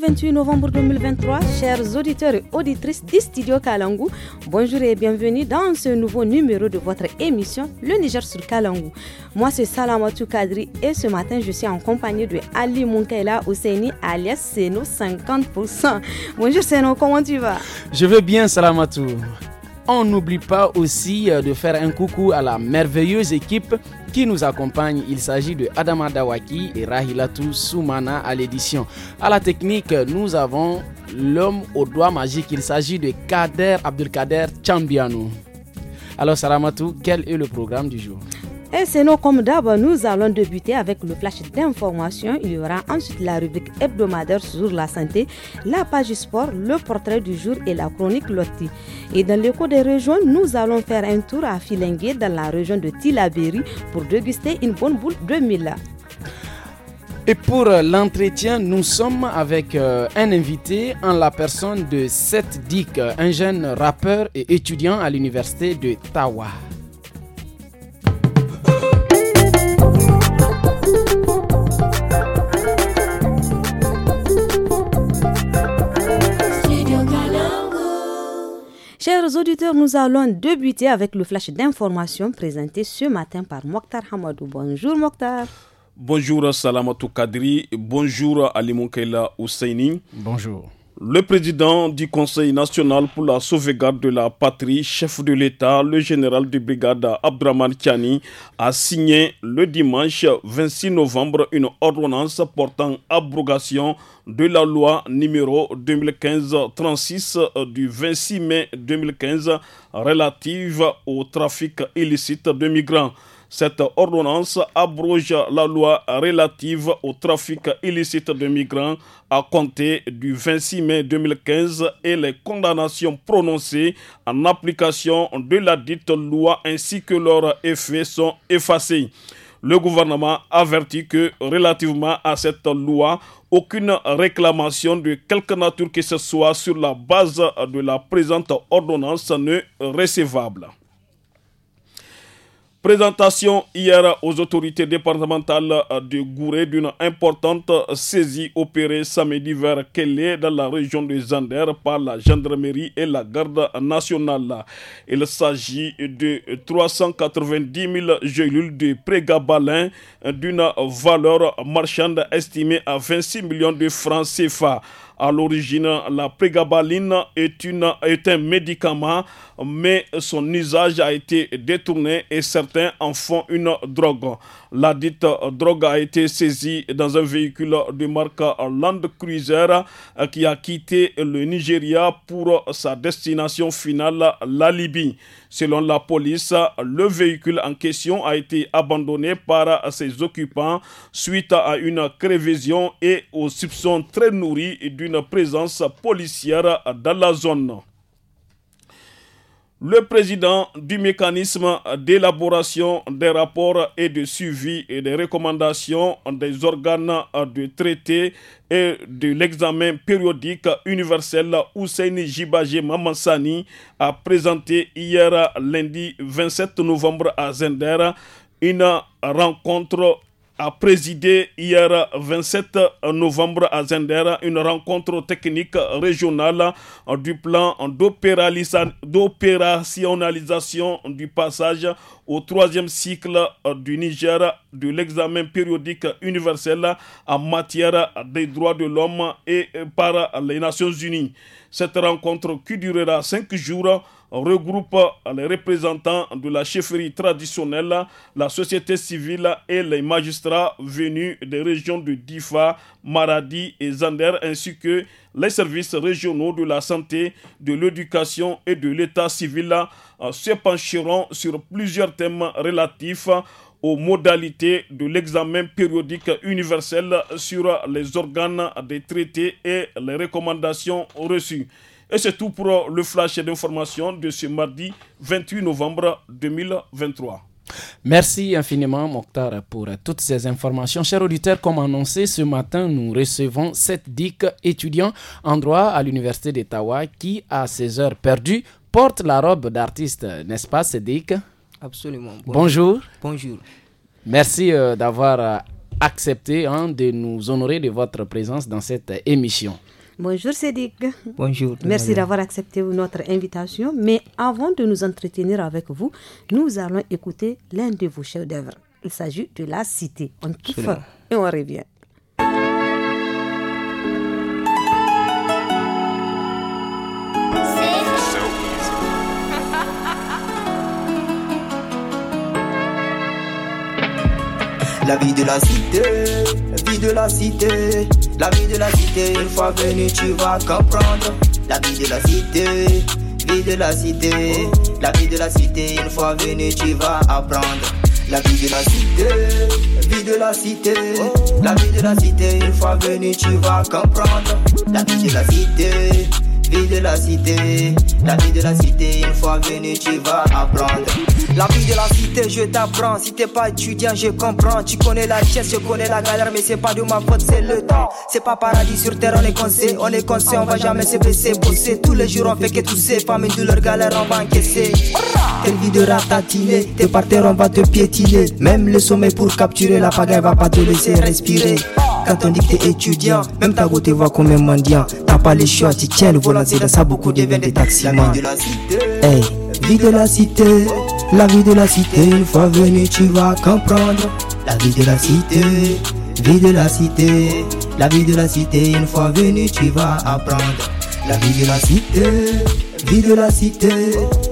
28 novembre 2023, chers auditeurs et auditrices du Studio Kalangu, bonjour et bienvenue dans ce nouveau numéro de votre émission Le Niger sur Kalangu. Moi, c'est Salamatou Kadri et ce matin, je suis en compagnie de Ali Munkaila Ousseini alias Seno 50%. Bonjour Seno, comment tu vas Je vais bien, Salamatou. On n'oublie pas aussi euh, de faire un coucou à la merveilleuse équipe qui nous accompagne. Il s'agit de Adama Dawaki et Rahilatu Soumana à l'édition. À la technique, nous avons l'homme au doigt magique. Il s'agit de Kader Abdelkader Chambiano. Alors Salamatou, quel est le programme du jour et c'est nous comme d'hab, nous allons débuter avec le flash d'information. Il y aura ensuite la rubrique hebdomadaire sur la santé, la page sport, le portrait du jour et la chronique Lotti. Et dans l'écho des régions, nous allons faire un tour à Filengue dans la région de Tilaberi pour déguster une bonne boule de Mila. Et pour l'entretien, nous sommes avec euh, un invité en la personne de Seth Dick, un jeune rappeur et étudiant à l'université de Tawa. Chers auditeurs, nous allons débuter avec le flash d'information présenté ce matin par Mokhtar Hamadou. Bonjour Mokhtar. Bonjour Salamatou Kadri, bonjour Ali Moukela Bonjour. Le président du Conseil national pour la sauvegarde de la patrie, chef de l'État, le général de brigade Abdraman Tiani, a signé le dimanche 26 novembre une ordonnance portant abrogation de la loi numéro 2015-36 du 26 mai 2015 relative au trafic illicite de migrants. Cette ordonnance abroge la loi relative au trafic illicite de migrants à compter du 26 mai 2015 et les condamnations prononcées en application de la dite loi ainsi que leurs effets sont effacés. Le gouvernement avertit que relativement à cette loi, aucune réclamation de quelque nature que ce soit sur la base de la présente ordonnance n'est recevable. Présentation hier aux autorités départementales de Gouret d'une importante saisie opérée samedi vers Kélé dans la région de Zander par la gendarmerie et la garde nationale. Il s'agit de 390 000 gélules de prégabalin d'une valeur marchande estimée à 26 millions de francs CFA. À l'origine, la prégabaline est, une, est un médicament mais son usage a été détourné et certains en font une drogue. La dite drogue a été saisie dans un véhicule de marque Land Cruiser euh, qui a quitté le Nigeria pour sa destination finale, la Libye. Selon la police, le véhicule en question a été abandonné par ses occupants suite à une prévision et aux soupçons très nourris d'une présence policière dans la zone le président du mécanisme d'élaboration des rapports et de suivi et des recommandations des organes de traité et de l'examen périodique universel Hussein Jibajé Mamansani a présenté hier lundi 27 novembre à Zender une rencontre a présidé hier 27 novembre à Zender une rencontre technique régionale du plan d'opérationnalisation du passage au troisième cycle du Niger de l'examen périodique universel en matière des droits de l'homme et par les Nations Unies. Cette rencontre qui durera cinq jours regroupe euh, les représentants de la chefferie traditionnelle, la société civile et les magistrats venus des régions de Difa, Maradi et Zander, ainsi que les services régionaux de la santé, de l'éducation et de l'état civil euh, se pencheront sur plusieurs thèmes relatifs aux modalités de l'examen périodique universel sur les organes des traités et les recommandations reçues. Et c'est tout pour le flash d'information de ce mardi 28 novembre 2023. Merci infiniment, Mokhtar, pour toutes ces informations. Chers auditeurs, comme annoncé ce matin, nous recevons 7 DIC étudiant en droit à l'Université d'Ottawa, qui, à ses heures perdues, porte la robe d'artiste, n'est-ce pas, Cédric Absolument. Bonjour. Bonjour. Merci euh, d'avoir euh, accepté hein, de nous honorer de votre présence dans cette émission. Bonjour Cédric. Bonjour. Merci d'avoir accepté notre invitation. Mais avant de nous entretenir avec vous, nous allons écouter l'un de vos chefs-d'œuvre. Il s'agit de La Cité. On kiffe et on revient. La vie de la cité vie de la cité, la vie de la cité, une fois venu tu vas comprendre. La vie de la cité, vie de la cité, la vie de la cité, une fois venu tu vas apprendre. La vie de la cité, vie de la cité, la vie de la cité, une fois venu tu vas comprendre. La vie de la cité vie de la cité. La vie de la cité, une fois venue, tu vas apprendre. La vie de la cité, je t'apprends. Si t'es pas étudiant, je comprends. Tu connais la chaise, je connais la galère, mais c'est pas de ma faute, c'est le temps. C'est pas paradis sur terre, on est conseil, on est conseil, on va jamais se baisser, bosser. Tous les jours, on fait que tous ces femmes, Famille, douleur, galère, on va encaisser. Quelle vie de ratatiner, t'es par terre, on va te piétiner. Même le sommet pour capturer, la pagaille va pas te laisser respirer. Quand on dit que t'es étudiant, même ta route, voit comme un mendiant. T'as pas les choix, tu tiens le volant, c'est ça, beaucoup deviennent des taxis Hey, vie de la cité, la vie de la cité, une fois venu, tu vas comprendre. La vie de la cité, vie de la cité, la vie de la cité, une fois venue, tu vas apprendre. La vie de la cité, vie de la cité,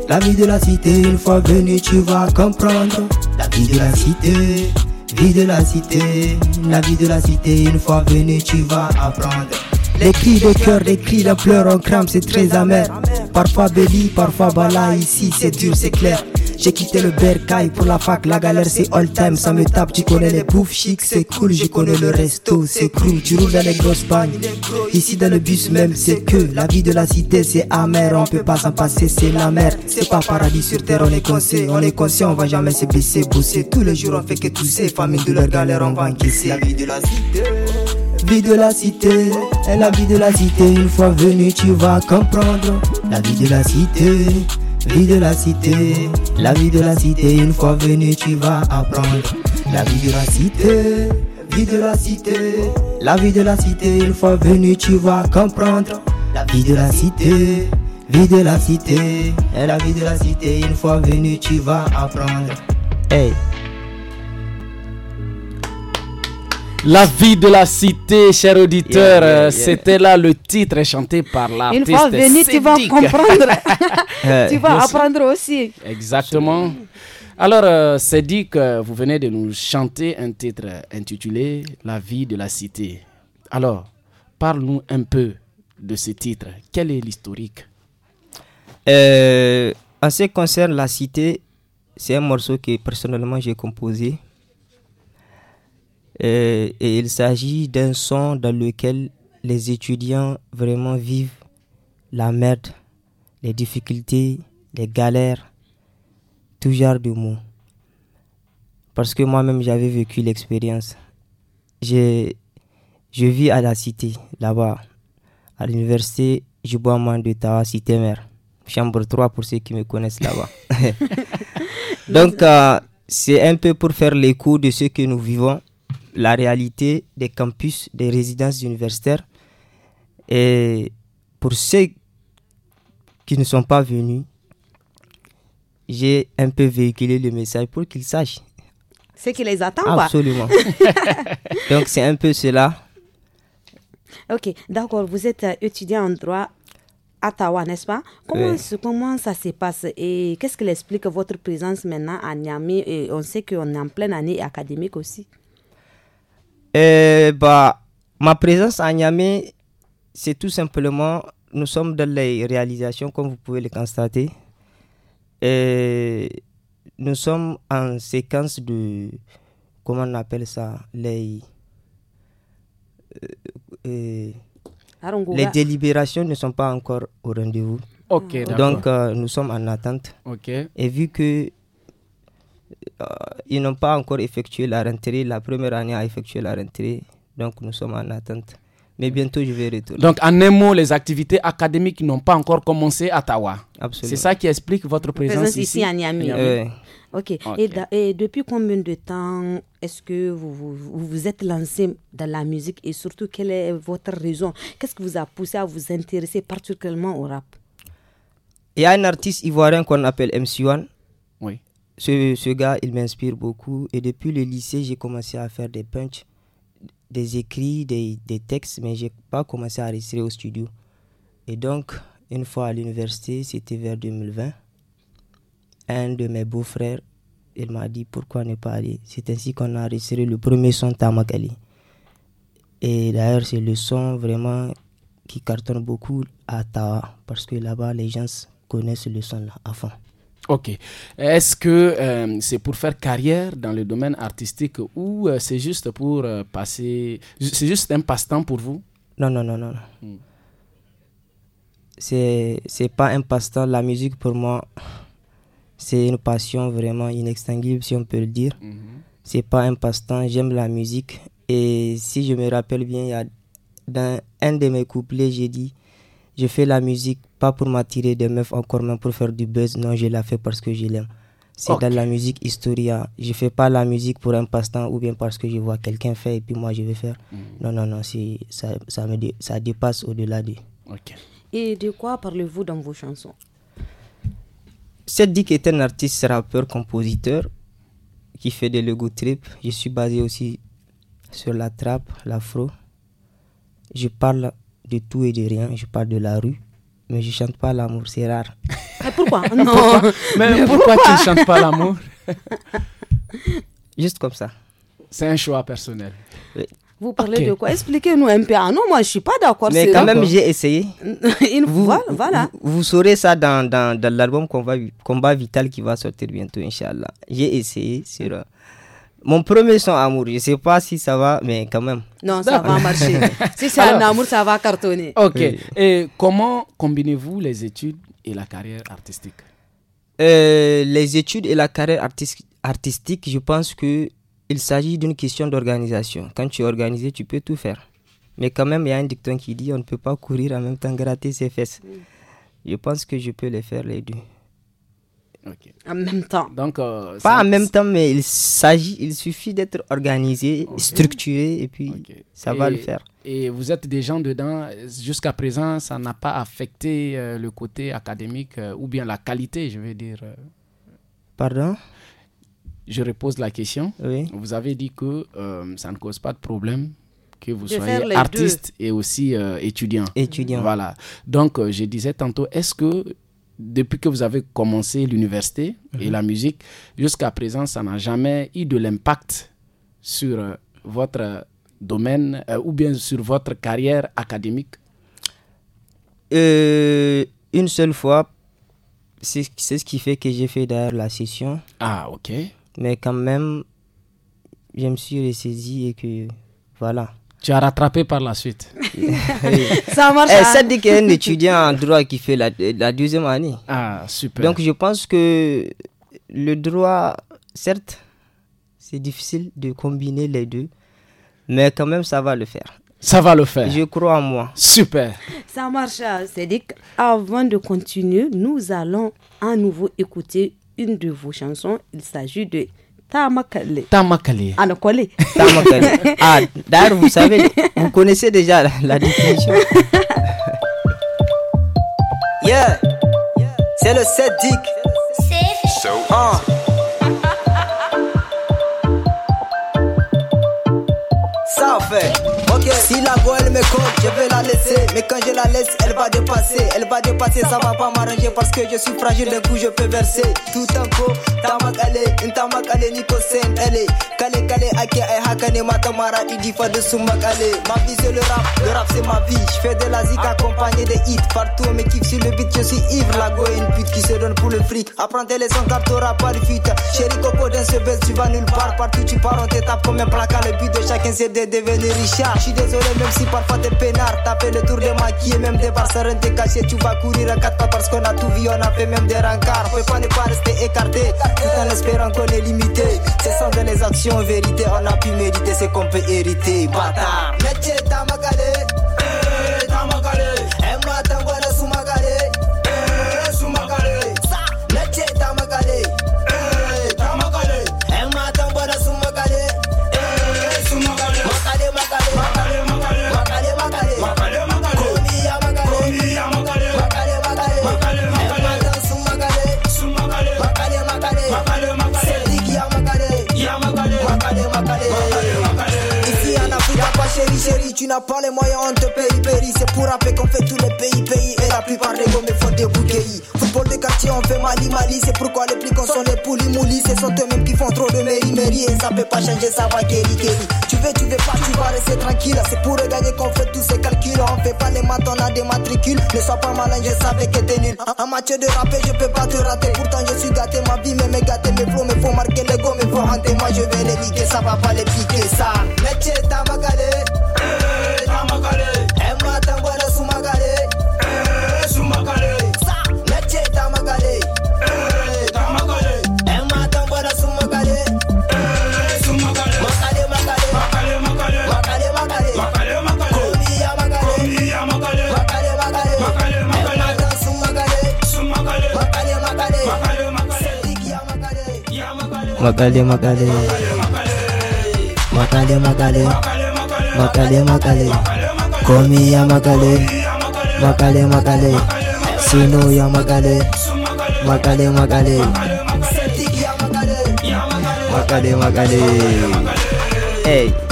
la vie de la cité, une fois venu, tu vas comprendre. La vie de la cité. Vie de la cité, la vie de la cité, une fois venue tu vas apprendre. Les cris de cœur, les cris de pleure, on crame, c'est très amer. Parfois béli, parfois bala, ici c'est dur, c'est clair. J'ai quitté le bercail pour la fac, la galère c'est all time, ça me tape, tu connais les bouffes chic, c'est cool, Je connais le resto, c'est cool, tu roules dans les grosses bagnes. Ici dans le bus même, c'est que la vie de la cité c'est amer, on peut pas s'en passer, c'est la mer, c'est pas paradis sur terre, on est conscient, on est conscient, on va jamais se blesser, bosser, tous les jours on fait que tous ces familles de leur galère, on va encaisser. La vie de la cité vie de la cité, la vie de la cité, une fois venu tu vas comprendre la vie de la cité. Vie de la cité, la vie de la cité, une fois venue tu vas apprendre. La vie de la cité, vie de la cité, la vie de la cité, une fois venue tu vas comprendre. La vie de la cité, vie de la cité, et la vie de la cité, une fois venue tu vas apprendre. Hey. La vie de la cité, cher auditeur, euh, c'était là le titre chanté par l'artiste. Une fois venu, tu vas comprendre. tu vas apprendre aussi. Exactement. Alors, c'est dit que vous venez de nous chanter un titre intitulé La vie de la cité. Alors, parle-nous un peu de ce titre. Quel est l'historique euh, En ce qui concerne la cité, c'est un morceau que personnellement j'ai composé euh, et il s'agit d'un son dans lequel les étudiants vraiment vivent la merde, les difficultés, les galères, tout genre de mots. Parce que moi-même, j'avais vécu l'expérience. Je, vis à la cité, là-bas, à l'université moins de Tawa, cité mère. Chambre 3 pour ceux qui me connaissent là-bas. Donc, euh, c'est un peu pour faire l'écho de ce que nous vivons la réalité des campus, des résidences universitaires. Et pour ceux qui ne sont pas venus, j'ai un peu véhiculé le message pour qu'ils sachent. C'est qui les attend, Absolument. Donc, c'est un peu cela. Ok, d'accord. Vous êtes euh, étudiant en droit à Ottawa, n'est-ce pas comment, comment ça se passe et qu'est-ce que explique votre présence maintenant à Niamey et On sait qu'on est en pleine année académique aussi. Eh, bah, Ma présence à Niamey, c'est tout simplement, nous sommes dans les réalisations, comme vous pouvez le constater. Eh, nous sommes en séquence de, comment on appelle ça, les... Euh, eh, les délibérations ne sont pas encore au rendez-vous. Donc euh, nous sommes en attente. Ok. Et vu que euh, ils n'ont pas encore effectué la rentrée. La première année a effectué la rentrée. Donc nous sommes en attente. Mais bientôt, je vais retourner. Donc, en un mot, les activités académiques n'ont pas encore commencé à Tawa. Absolument. C'est ça qui explique votre présence, présence ici. à Niamey. ok. Et, depuis combien de temps est-ce que vous, vous êtes lancé dans la musique et surtout, quelle est votre raison Qu'est-ce qui vous a poussé à vous intéresser particulièrement au rap Il y a un artiste ivoirien qu'on appelle MC One. Oui ce, gars, il m'inspire beaucoup. Et depuis le lycée, j'ai commencé à faire des punchs, des écrits, des, textes, mais j'ai pas commencé à rester au studio. Et donc, une fois à l'université, c'était vers 2020, un de mes beaux-frères, il m'a dit pourquoi ne pas aller. C'est ainsi qu'on a enregistré le premier son Tamakali. Et d'ailleurs, c'est le son vraiment qui cartonne beaucoup à Tawa, parce que là-bas, les gens connaissent le son à fond. Ok. Est-ce que euh, c'est pour faire carrière dans le domaine artistique ou euh, c'est juste pour euh, passer. C'est juste un passe-temps pour vous Non, non, non, non. Hmm. C'est, c'est pas un passe-temps. La musique pour moi, c'est une passion vraiment inextinguible, si on peut le dire. Mhm. C'est pas un passe-temps. J'aime la musique. Et si je me rappelle bien, il y a dans un de mes couplets, j'ai dit je fais la musique pas pour m'attirer des meufs encore même pour faire du buzz. Non, je la fais parce que je l'aime. C'est dans la musique historia. Je fais pas la musique pour un passe-temps ou bien parce que je vois quelqu'un faire et puis moi je vais faire. Mm. non Non, non, non, ça, ça, me ça dépasse au-delà de. Ok. Et de quoi parlez-vous dans vos chansons Seddik est un artiste, rappeur, compositeur qui fait des logo trip. Je suis basé aussi sur la trappe, l'afro. Je parle de tout et de rien. Je parle de la rue, mais je chante pas l'amour, c'est rare. Mais pourquoi Non. mais, pourquoi, tu ne chantes pas l'amour Juste comme ça. C'est un choix personnel. Vous parlez de quoi Expliquez-nous un peu. Ah non, moi, je suis pas d'accord. Mais quand même, j'ai essayé. vous, voilà. Vous, saurez ça dans, dans, l'album Combat, Vital qui va sortir bientôt, Inch'Allah. J'ai essayé sur mon premier son amour, je ne sais pas si ça va, mais quand même. Non, ça va marcher. si c'est un amour, ça va cartonner. Ok. Et comment combinez-vous les études et la carrière artistique euh, Les études et la carrière artistique, je pense que il s'agit d'une question d'organisation. Quand tu es organisé, tu peux tout faire. Mais quand même, il y a un dicton qui dit on ne peut pas courir en même temps gratter ses fesses. Je pense que je peux les faire les deux. En même temps. Donc, euh, Pas en même temps, mais il s'agit, il suffit d'être organisé, structuré, et puis ça va le faire. Et vous êtes des gens dedans, jusqu'à présent, ça n'a pas affecté euh, le côté académique euh, ou bien la qualité, je veux dire. Pardon Je repose la question. Vous avez dit que ça ne cause pas de problème que vous soyez artiste et aussi étudiant. Étudiant. Voilà. Donc, je disais tantôt, est-ce que depuis que vous avez commencé l'université et mhm. la musique, jusqu'à présent, ça n'a jamais eu de l'impact sur euh, votre euh, domaine euh, ou bien sur votre carrière académique Une seule fois, c'est ce qui fait que j'ai fait d'ailleurs la session. Ah, ok. Mais quand même, je me suis ressaisi et que voilà. Tu as rattrapé par la suite. ça marche. Eh, hein. ça un étudiant en droit qui fait la, deuxième année. Ah, super. Donc je pense que le droit, certes, c'est difficile de combiner les deux, mais quand même, ça va le faire. Ça va le faire. Je crois en moi. Super. Ça marche. Hein. Cédric, avant de continuer, nous allons à nouveau écouter une de vos chansons. Il s'agit de ta makale. Ta makale. Ah, d'ailleurs, vous savez, vous connaissez déjà la, définition. yeah. C'est le sadique. C'est. Ah. Ça fait. Si la go elle me cope, je vais la laisser. Mais quand je la laisse, elle va dépasser. Elle va dépasser, ça va pas m'arranger parce que je suis fragile. D'un coup, je peux verser tout un coup. Tamak Une tamak alé Nico Sen est Kale kale, ake ay hakane, matamara, Fa de sumak alé, Ma vie c'est le rap, le rap c'est ma vie. Je fais de la zik accompagné des hits. Partout, on me si sur le beat, je suis ivre. La go est une pute qui se donne pour le fric. Apprends tes leçons car t'auras pas de fuite. Chérie Coco, dans ce buzz, tu vas nulle part. Partout, tu pars, on t'étape comme un placard. Le but de chacun c'est de devenir Richard désolé même si parfois t'es peinard T'as fait le tour de maquiller, même des bars des cachets, Tu vas courir à quatre pas parce qu'on a tout vu, on a fait même des rencarts Faut pas ne pas rester écarté, tout en espérant qu'on est limité C'est sans les actions, vérité, on a pu mériter ce qu'on peut hériter Bata. pas les moyens, on te paye, C'est pour rappeler qu'on fait tous les pays, pays. Et la plupart des gommes font des bouquets. Football de quartier, on fait Mali, Mali. C'est pourquoi les prix sont les poulies, moulis. C'est sont eux-mêmes qui font trop de mairie, Et ça peut pas changer, ça va guérir, Tu veux, tu veux pas, tu vas rester tranquille. C'est pour regarder qu'on fait tous ces calculs. On fait pas les maths, on a des matricules. Ne sois pas malin, je savais que t'es nul. En matière de rapper, je peux pas te rater. Pourtant, je suis gâté, ma vie, mais gâté, mes flots, mais faut marquer les gommes, mais faut hanter. Moi, je vais les niquer, ça va pas les piquer, ça. Métier, t'as Makale, makale. Makale, makale. Makale, makale. Call me a makale. Makale, makale. Sino ya makale. Makale, makale. Makale, makale. Hey.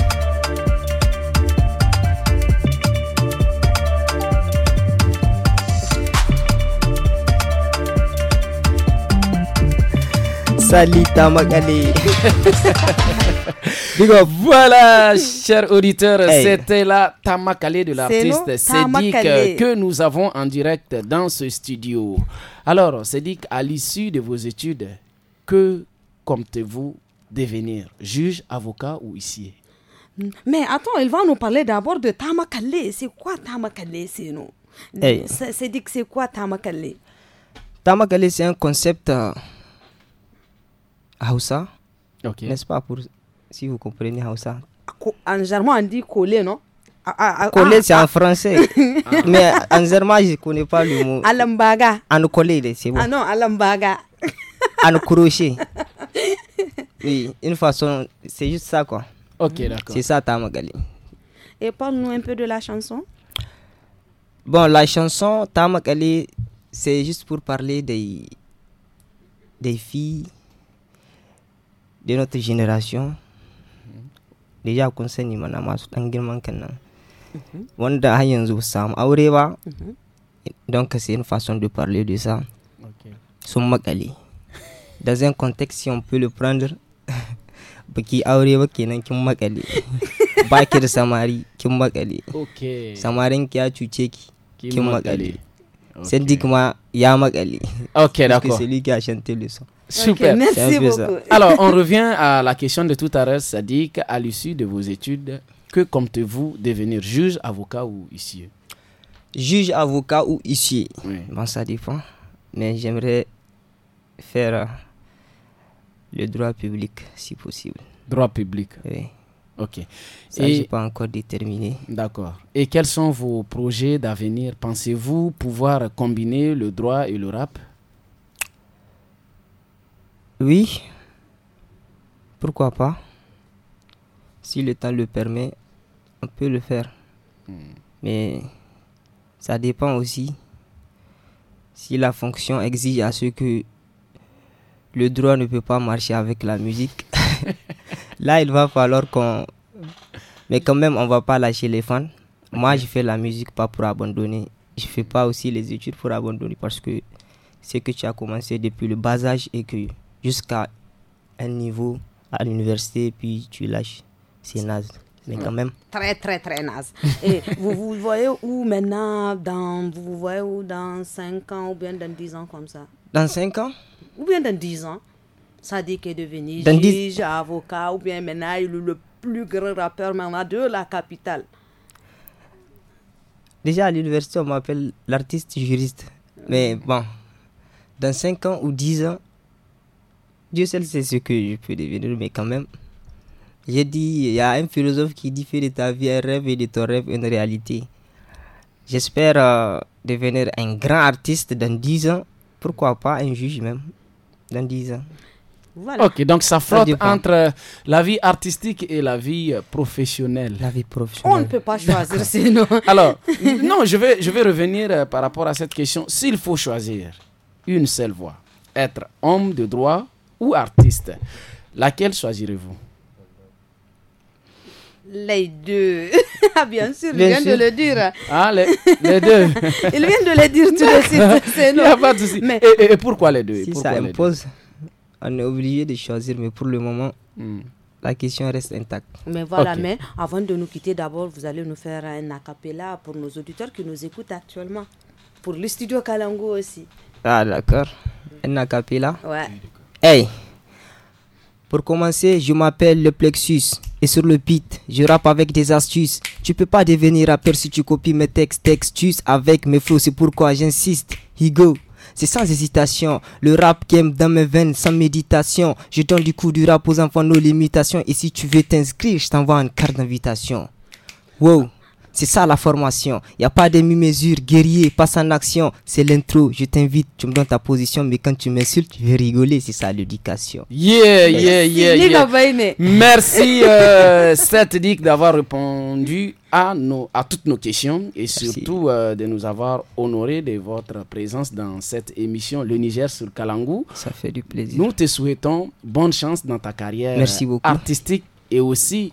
voilà, chers auditeurs, c'était la Tamakale de l'artiste Sédic euh, que nous avons en direct dans ce studio. Alors, Sédic, à l'issue de vos études, que comptez-vous devenir Juge, avocat ou huissier Mais attends, il va nous parler d'abord de Tamakale. C'est quoi Tamakale, Sédic, Sedik, c'est quoi Tamakale Tamakale, c'est un concept. Euh, Hausa. N'est-ce pas pour si vous comprenez Hausa. En germain, on dit coller, non ah, ah, ah, Coller, c'est en français. Mais en germain, je ne connais pas le mot. Alambaga. En coller, c'est bon. Ah non, alambaga. en crochet. oui, une façon, c'est juste ça, quoi. Ok, d'accord. C'est ça, Tamagali. Et parle-nous un peu de la chanson. Bon, la chanson Tamagali, c'est juste pour parler des, des filles de notre génération déjà kun sani mana masu dan girman kan nan mhm. wanda har yanzu samu aure ba c'est mhm. une façon de parler de ça okay. sun dans un contexte si on peut le prendre baki aure ba kenan kin magali ba ki da samari kin makale samarin ki ya cuce ki kin makale sai ma ya magali ok d'accord c'est lui qui a chanté le son Super. merci beaucoup. Alors, on revient à la question de tout à l'heure, Sadiq. À l'issue de vos études, que comptez-vous devenir juge, avocat ou huissier Juge, avocat ou huissier Bon, ça dépend. Mais j'aimerais faire euh, le droit public, si possible. Droit public Oui. Ok. Ça, n'ai pas encore déterminé. D'accord. Et quels sont vos projets d'avenir Pensez-vous pouvoir combiner le droit et le rap oui, pourquoi pas Si le temps le permet, on peut le faire. Hmm. Mais ça dépend aussi si la fonction exige à ce que le droit ne peut pas marcher avec la musique. Là, il va falloir qu'on... Mais quand même, on va pas lâcher les fans. Moi, je fais la musique pas pour abandonner. Je fais pas aussi les études pour abandonner parce que c'est que tu as commencé depuis le bas âge et que jusqu'à un niveau à l'université, puis tu lâches. C'est naze. Mais quand même. Très, très, très naze. Et vous vous voyez où maintenant dans, Vous vous voyez où dans 5 ans ou bien dans 10 ans comme ça Dans 5 ans Ou bien dans 10 ans Ça dit que devenir dans juge, avocat, ou bien maintenant il est le plus grand rappeur maintenant de la capitale. Déjà à l'université, on m'appelle l'artiste juriste. Mais bon, dans 5 ans ou 10 ans, Dieu seul sait ce que je peux devenir, mais quand même. J'ai dit, il y a un philosophe qui dit Fais de ta vie un rêve et de ton rêve une réalité. J'espère euh, devenir un grand artiste dans 10 ans. Pourquoi pas un juge même Dans dix ans. Ok, donc ça frotte entre la vie artistique et la vie euh, professionnelle. La vie professionnelle. On ne peut pas choisir sinon. Alors, non, je vais, je vais revenir euh, par rapport à cette question. S'il faut choisir une seule voie, être homme de droit ou artiste, laquelle choisirez-vous les deux. Ah, bien sûr, ah, il vient de le dire. Ah, les, deux. il vient de le dire tout de suite. Il n'y a pas de souci. Mais et, pourquoi les deux Si ça impose, on est obligé de choisir, mais pour le moment, hmm. la question reste intacte. Mais voilà, mais avant de nous quitter, d'abord, vous allez nous faire un acapella pour nos auditeurs qui nous écoutent actuellement. Pour le studio Kalango aussi. Ah, d'accord. Un acapella Ouais. Hey, pour commencer, je m'appelle le Plexus. Et sur le beat, je rappe avec des astuces. Tu peux pas devenir rappeur si tu copies mes textes, textus avec mes flots. C'est pourquoi j'insiste. Higo, c'est sans hésitation. Le rap game dans mes veines sans méditation. Je donne du coup du rap aux enfants, nos limitations. Et si tu veux t'inscrire, je t'envoie une carte d'invitation. Wow. C'est ça la formation. Il n'y a pas de mi-mesure, guerrier, passe en action. C'est l'intro. Je t'invite, tu me donnes ta position, mais quand tu m'insultes, je vais rigoler. C'est ça l'éducation. Yeah, yeah, yeah, Merci, euh, d'avoir répondu à, nos, à toutes nos questions et surtout euh, de nous avoir honoré de votre présence dans cette émission Le Niger sur Kalangou. Ça fait du plaisir. Nous te souhaitons bonne chance dans ta carrière artistique et aussi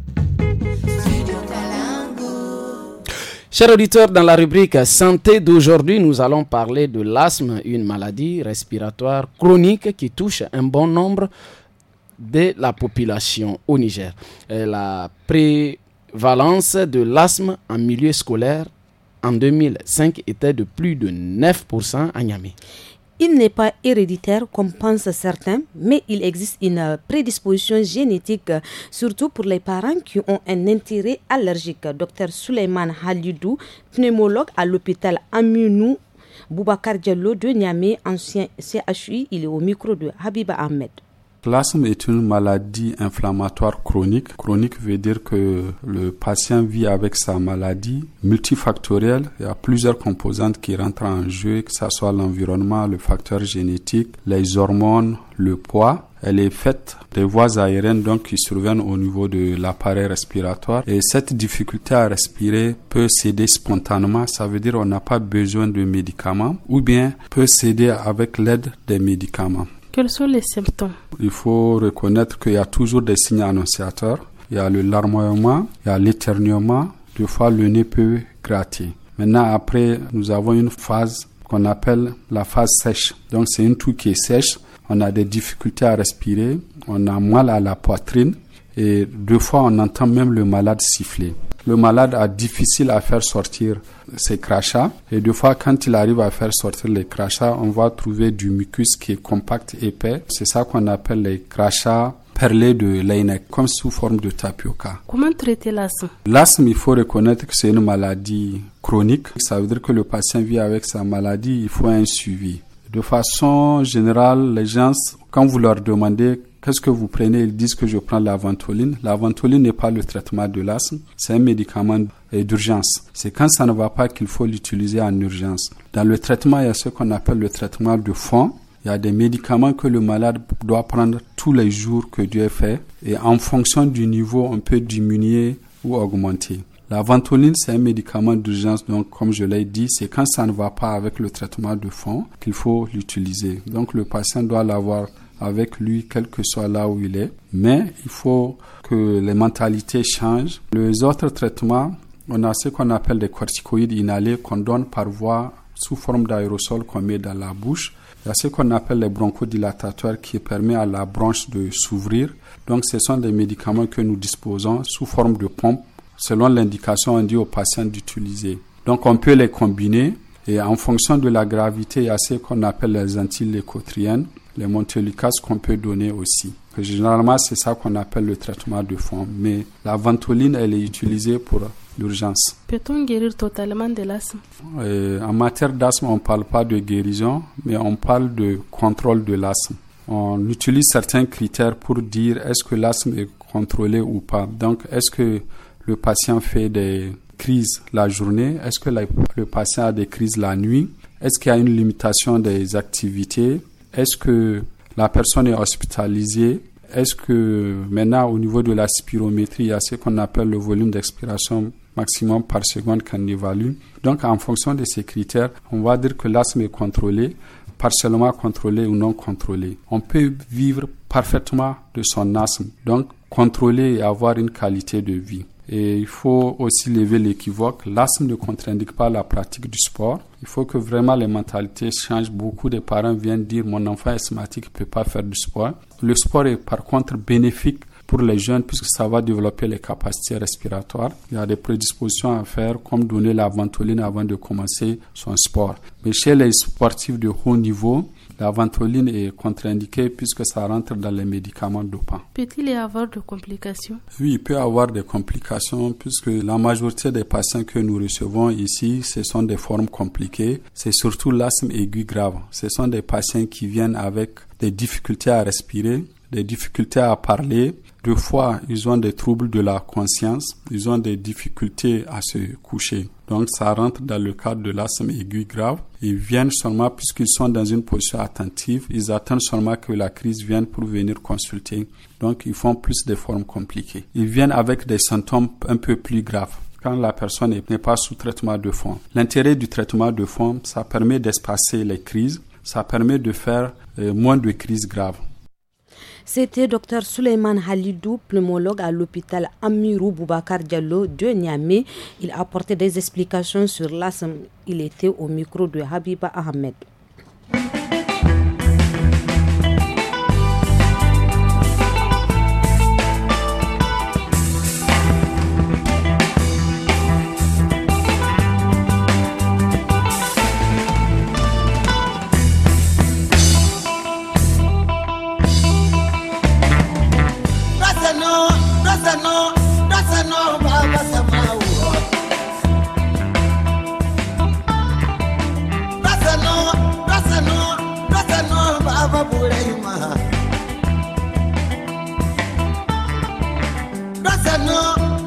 Chers auditeurs, dans la rubrique santé d'aujourd'hui, nous allons parler de l'asthme, une maladie respiratoire chronique qui touche un bon nombre de la population au Niger. Euh, la prévalence de l'asthme en milieu scolaire en 2005 était de plus de 9% à Niamey. Il n'est pas héréditaire comme pensent certains, mais il existe une prédisposition génétique, surtout pour les parents qui ont un intérêt allergique. Dr Suleiman Halidou, pneumologue à l'hôpital Amunou Boubacar Diallo de Niamey, ancien CHU, il est au micro de Habiba Ahmed. L'asthme est une maladie inflammatoire chronique. Chronique veut dire que le patient vit avec sa maladie multifactorielle. Il y a plusieurs composantes qui rentrent en jeu, que ce soit l'environnement, le facteur génétique, les hormones, le poids. Elle est faite des voies aériennes donc qui surviennent au niveau de l'appareil respiratoire et cette difficulté à respirer peut céder spontanément, ça veut dire on n'a pas besoin de médicaments ou bien peut céder avec l'aide des médicaments. Quels sont les symptômes Il faut reconnaître qu'il y a toujours des signes annonciateurs. Il y a le larmoiement, il y a l'éternuement, deux fois le nez peut gratter. Maintenant, après, nous avons une phase qu'on appelle la phase sèche. Donc, c'est une toux qui est sèche. On a des difficultés à respirer, on a mal à la poitrine, et deux fois, on entend même le malade siffler. Le malade a difficile à faire sortir ses crachats. Et deux fois, quand il arrive à faire sortir les crachats, on va trouver du mucus qui est compact, épais. C'est ça qu'on appelle les crachats perlés de l'aïnec, comme sous forme de tapioca. Comment traiter l'asthme L'asthme, il faut reconnaître que c'est une maladie chronique. Ça veut dire que le patient vit avec sa maladie, il faut un suivi. De façon générale, les gens, quand vous leur demandez Qu'est-ce que vous prenez Ils disent que je prends la ventoline. La ventoline n'est pas le traitement de l'asthme, c'est un médicament d'urgence. C'est quand ça ne va pas qu'il faut l'utiliser en urgence. Dans le traitement, il y a ce qu'on appelle le traitement de fond. Il y a des médicaments que le malade doit prendre tous les jours que Dieu fait. Et en fonction du niveau, on peut diminuer ou augmenter. La ventoline, c'est un médicament d'urgence, donc comme je l'ai dit, c'est quand ça ne va pas avec le traitement de fond qu'il faut l'utiliser. Donc le patient doit l'avoir avec lui, quel que soit là où il est. Mais il faut que les mentalités changent. Les autres traitements, on a ce qu'on appelle des corticoïdes inhalés qu'on donne par voie sous forme d'aérosol qu'on met dans la bouche. Il y a ce qu'on appelle les bronchodilatateurs qui permet à la branche de s'ouvrir. Donc ce sont des médicaments que nous disposons sous forme de pompe selon l'indication on dit au patient d'utiliser. Donc on peut les combiner et en fonction de la gravité, il y a ce qu'on appelle les antilécotriennes les montelukast qu'on peut donner aussi. Généralement, c'est ça qu'on appelle le traitement de fond, mais la ventoline, elle est utilisée pour l'urgence. Peut-on guérir totalement de l'asthme euh, En matière d'asthme, on ne parle pas de guérison, mais on parle de contrôle de l'asthme. On utilise certains critères pour dire est-ce que l'asthme est contrôlé ou pas. Donc, est-ce que le patient fait des crises la journée Est-ce que le patient a des crises la nuit Est-ce qu'il y a une limitation des activités est-ce que la personne est hospitalisée Est-ce que maintenant, au niveau de la spirométrie, il y a ce qu'on appelle le volume d'expiration maximum par seconde qu'on évalue Donc, en fonction de ces critères, on va dire que l'asthme est contrôlé, partiellement contrôlé ou non contrôlé. On peut vivre parfaitement de son asthme. Donc, contrôler et avoir une qualité de vie. Et il faut aussi lever l'équivoque. L'asthme ne contre-indique pas la pratique du sport. Il faut que vraiment les mentalités changent. Beaucoup de parents viennent dire mon enfant asthmatique ne peut pas faire du sport. Le sport est par contre bénéfique pour les jeunes puisque ça va développer les capacités respiratoires. Il y a des prédispositions à faire comme donner la ventoline avant de commencer son sport. Mais chez les sportifs de haut niveau, la ventoline est contre-indiquée puisque ça rentre dans les médicaments dopants. Peut-il y avoir des complications Oui, il peut y avoir des complications puisque la majorité des patients que nous recevons ici, ce sont des formes compliquées. C'est surtout l'asthme aigu grave. Ce sont des patients qui viennent avec des difficultés à respirer, des difficultés à parler. Deux fois, ils ont des troubles de la conscience. Ils ont des difficultés à se coucher. Donc, ça rentre dans le cadre de l'asthme aigu grave. Ils viennent seulement puisqu'ils sont dans une position attentive. Ils attendent seulement que la crise vienne pour venir consulter. Donc, ils font plus des formes compliquées. Ils viennent avec des symptômes un peu plus graves quand la personne n'est pas sous traitement de fond. L'intérêt du traitement de fond, ça permet d'espacer les crises, ça permet de faire euh, moins de crises graves. C'était Dr Suleiman Halidou, pneumologue à l'hôpital Amirou Boubacar Diallo de Niamey. Il apportait des explications sur l'asthme. Il était au micro de Habiba Ahmed.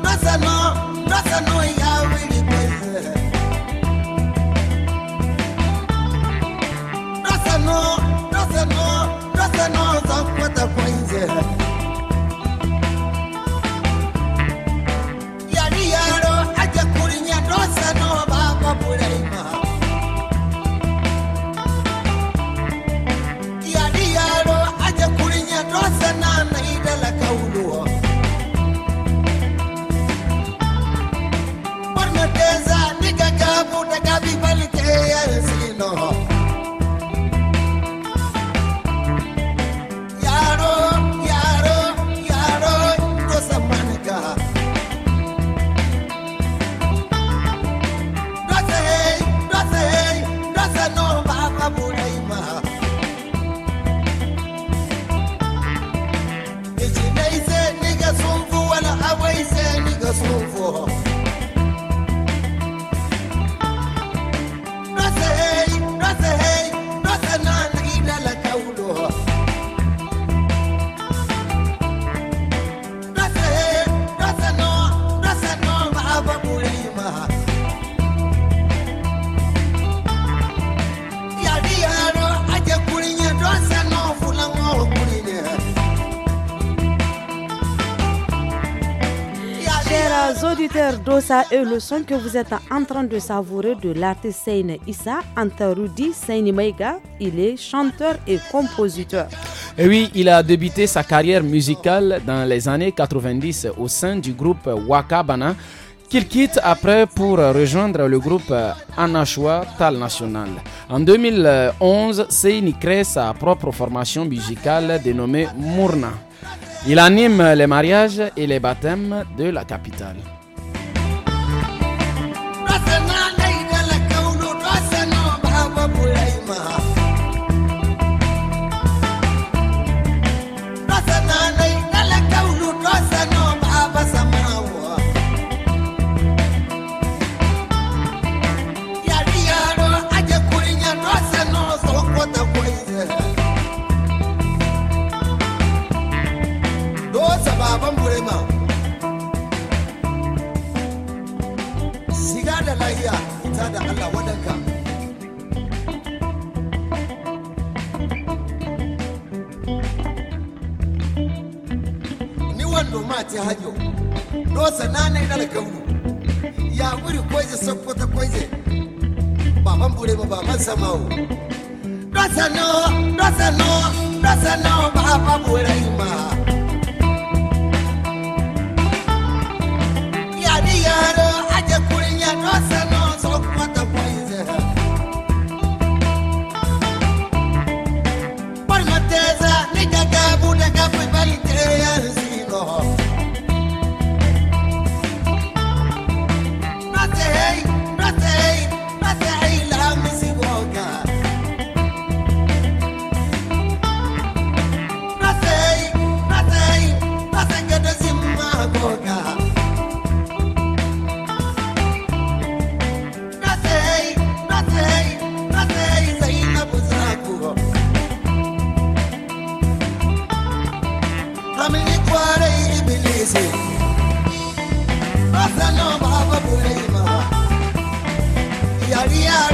Masala C'est est le son que vous êtes en train de savourer de l'artiste Seine Issa Antaroudi Seine Maiga. Il est chanteur et compositeur. Et eh oui, il a débuté sa carrière musicale dans les années 90 au sein du groupe Wakabana qu'il quitte après pour rejoindre le groupe Anashua Tal National. En 2011, Seini crée sa propre formation musicale dénommée Mourna. Il anime les mariages et les baptêmes de la capitale. Barcelona, Baba Yari, yari.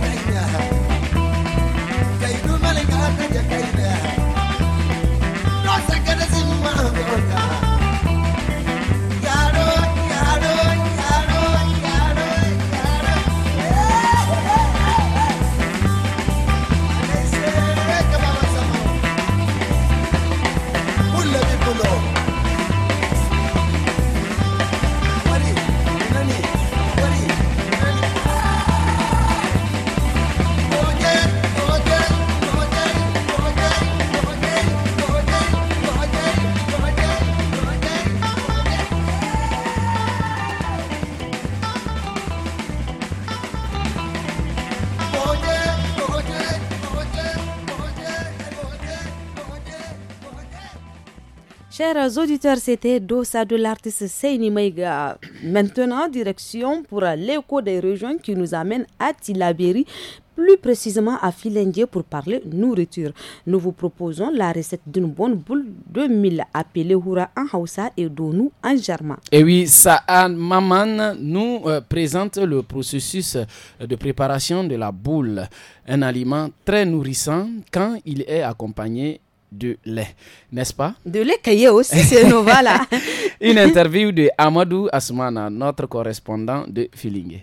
Chers auditeurs, c'était Dosa de l'artiste Seini Meiga. Maintenant, direction pour l'écho des régions qui nous amène à Tilaberi, plus précisément à Filendier pour parler nourriture. Nous vous proposons la recette d'une bonne boule de mille appelée Hura en Hausa et Donu en Germain. Et oui, Saan Maman nous euh, présente le processus de préparation de la boule, un aliment très nourrissant quand il est accompagné de lait, n'est-ce pas De lait caillé aussi, c'est là Une interview de Amadou Asmana, notre correspondant de Filingue.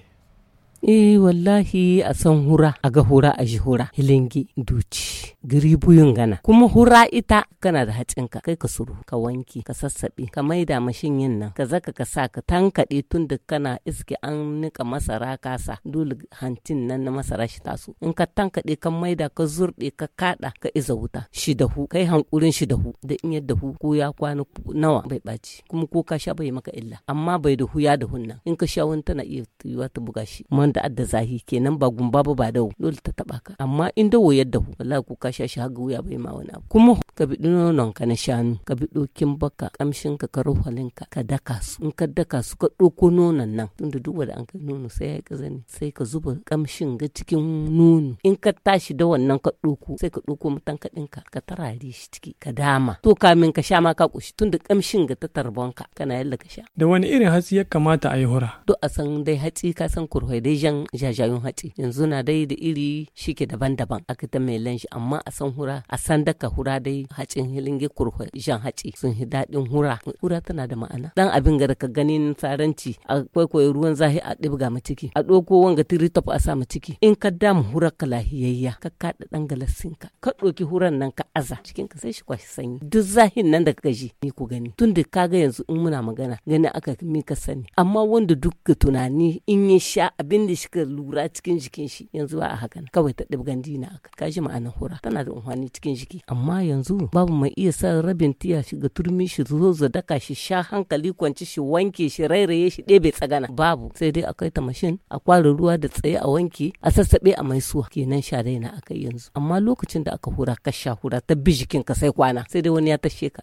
e wallahi a san hura a ga hura a ji hura hilingi duci giribuyun gana kuma hura ita kana da ka. kai ka suru ka wanki ka sassabe ka maida mashin yin nan ka zaka ka sa ka tankaɗe tun da kana iske an nika masara kasa dole hantin nan na masara shi taso in ka tankaɗe ka maida ka zurɗe ka kaɗa ka iza wuta shi hu kai hankurin shi hu da in yadda hu ko ya kwana nawa bai baci kuma ko ka sha bai maka illa amma bai da hu ya da nan in ka sha wani tana iya yiwa ta buga shi da adda zahi kenan ba gumba ba ba dawo dole ta taba ka amma in dawo ya dahu wallahi ko ka shashi har wuya bai ma wani abu kuma ka biɗi nonon ka na shanu ka bi biɗo baka kamshin ka ka ruhalin ka ka daka su in ka daka su ka ɗauko nonon nan tunda duk wanda an ka nono sai ya sai ka zuba kamshin ga cikin nono in ka tashi da wannan ka ɗauko sai ka ɗauko mutan ka ɗinka ka tarare shi ciki ka dama to kamin ka sha ma ka ƙoshi tunda kamshin ga ta tarbonka kana yalla ka sha da wani irin hatsi ya kamata a yi hura duk a san dai hatsi ka san kurhoi dai jan jajayun hatsi yanzu na dai da iri shike daban-daban aka ta mai lanshi amma a san hura a san daka hura dai hacin hilinge kurkwa jan haci sun hi daɗin hura hura tana da ma'ana dan abin ga ka ka ganin saranci a kwaikwayo ruwan zahi a ɗibga ma ciki a ɗauko wanga tiri tafi a sa ma ciki in ka damu hurar ka lahiyayya ka kaɗa ɗan galassin ka ka ɗauki huran nan ka aza cikin ka sai shi kwashi sanyi duk zahin nan da ka ji ni ku gani tun da kaga yanzu in muna magana gani aka mi ka sani amma wanda duk ka tunani in ya sha abin da shi ka lura cikin jikin shi yanzu ba a hakan kawai ta ɗibgan dina aka ka ji ma'anar hura tana da unhwani cikin jiki amma yanzu babu mai iya sa rabin tiya shi ga turmi shi zo za daka shi sha hankali kwanci shi wanke shi rairaye shi ɗebe tsagana babu sai dai akai ta mashin a kwara ruwa da tsaye a wanke a sassaɓe a mai suwa kenan sha daina akai yanzu amma lokacin da aka hura ka sha hura ta bi jikin ka sai kwana sai dai wani ya tashe ka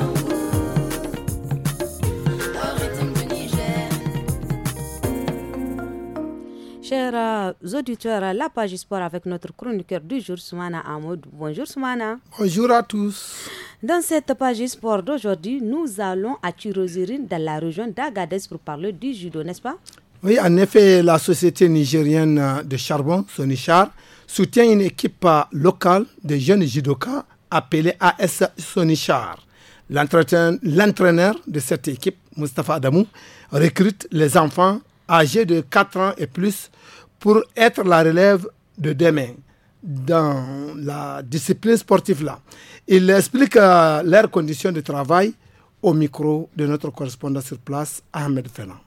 Chers euh, auditeurs, la page sport avec notre chroniqueur du jour, Soumana Amoud. Bonjour Soumana. Bonjour à tous. Dans cette page sport d'aujourd'hui, nous allons à Tirozirine, dans la région d'Agadez, pour parler du judo, n'est-ce pas Oui, en effet, la société nigérienne euh, de charbon, Sonichar, soutient une équipe euh, locale de jeunes judokas appelée AS Sonichar. L'entraîneur de cette équipe, Mustafa Adamou, recrute les enfants âgés de 4 ans et plus pour être la relève de demain dans la discipline sportive là. Il explique euh, leurs conditions de travail au micro de notre correspondant sur place, Ahmed Fenan.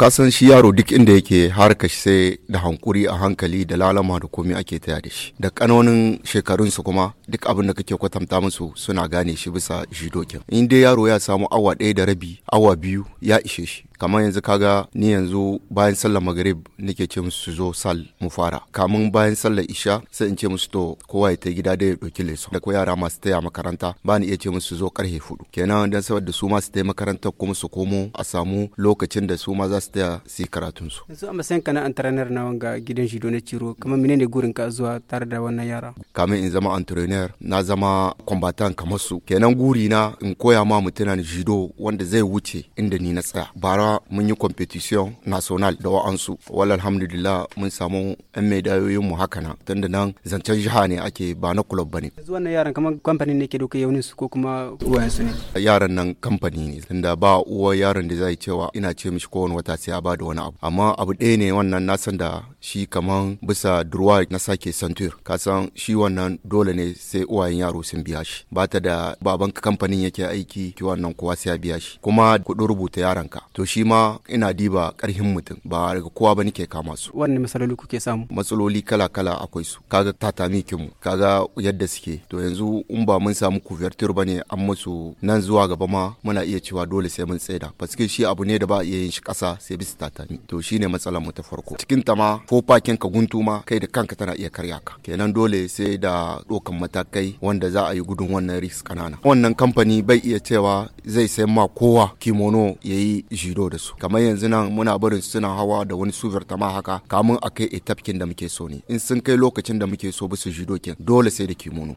kasan shi yaro duk inda yake harka shi sai da hankuri a hankali da lalama da komi ake taya da shi da kanonin shekarunsu kuma duk abin da kake kwatanta musu suna gane shi bisa shi dokin yaro ya samu awa ɗaya da rabi awa biyu ya ishe shi kamar yanzu kaga ni yanzu bayan sallar magrib nake ce musu su zo sal mu fara kamun bayan sallar isha sai in ce musu to kowa ya ta gida da ya ɗauki leso da ko yara masu taya makaranta ba ni iya ce musu su zo karhe hudu kenan dan saboda su ma su tai makaranta kuma su komo a samu lokacin da su ma za su taya su karatun su yanzu a matsayin kana entrepreneur na wanga gidan shido na ciro kamar menene gurin ka zuwa tare da wannan yara kamin in zama entrepreneur na zama combatant kamar su kenan guri na in koya ma mutuna jido wanda zai wuce inda ni na tsaya bara mun yi competition national da wa'ansu wala alhamdulillah mun samu yan medayoyin mu haka nan tunda nan zancen jiha ne ake ba na club bane yanzu wannan yaran kamar kamfanin ne ke doka yaunin su ko kuma uwayen su ne yaran nan kamfani ne tunda ba uwa yaron da zai cewa ina ce mishi kowane wata sai a ba da wani abu amma abu ɗaya ne wannan na san da shi kaman bisa durwa na sake santur ka san shi wannan dole ne sai uwayen yaro sun biya shi ba ta da baban kamfanin yake aiki ki wannan kowa sai ya biya shi kuma kuɗin rubuta yaranka to shi shi ma ina diba karhin mutum ba daga kowa ba nake kama su wanne matsaloli kuke samu matsaloli kala kala akwai su kaga tatami kinmu kaga yadda suke to yanzu in ba mun samu kuvertir bane an musu nan zuwa gaba ma muna iya cewa dole sai mun tsaida paske shi abu ne da ba iya yin shi kasa sai bisa tatami to shi ne matsalar mu ta farko cikin ta ma ko pakin ka guntu ma kai da kanka tana iya karya ka kenan dole sai da dokan matakai wanda za a yi gudun wannan risk kanana wannan kamfani bai iya cewa zai sai ma kowa kimono yayi jiro da su kamar yanzu nan muna barin suna hawa da wani suver ta haka kamun a kai etapkin da muke so ne in sun kai lokacin da muke so bisu shi dokin dole sai da kimono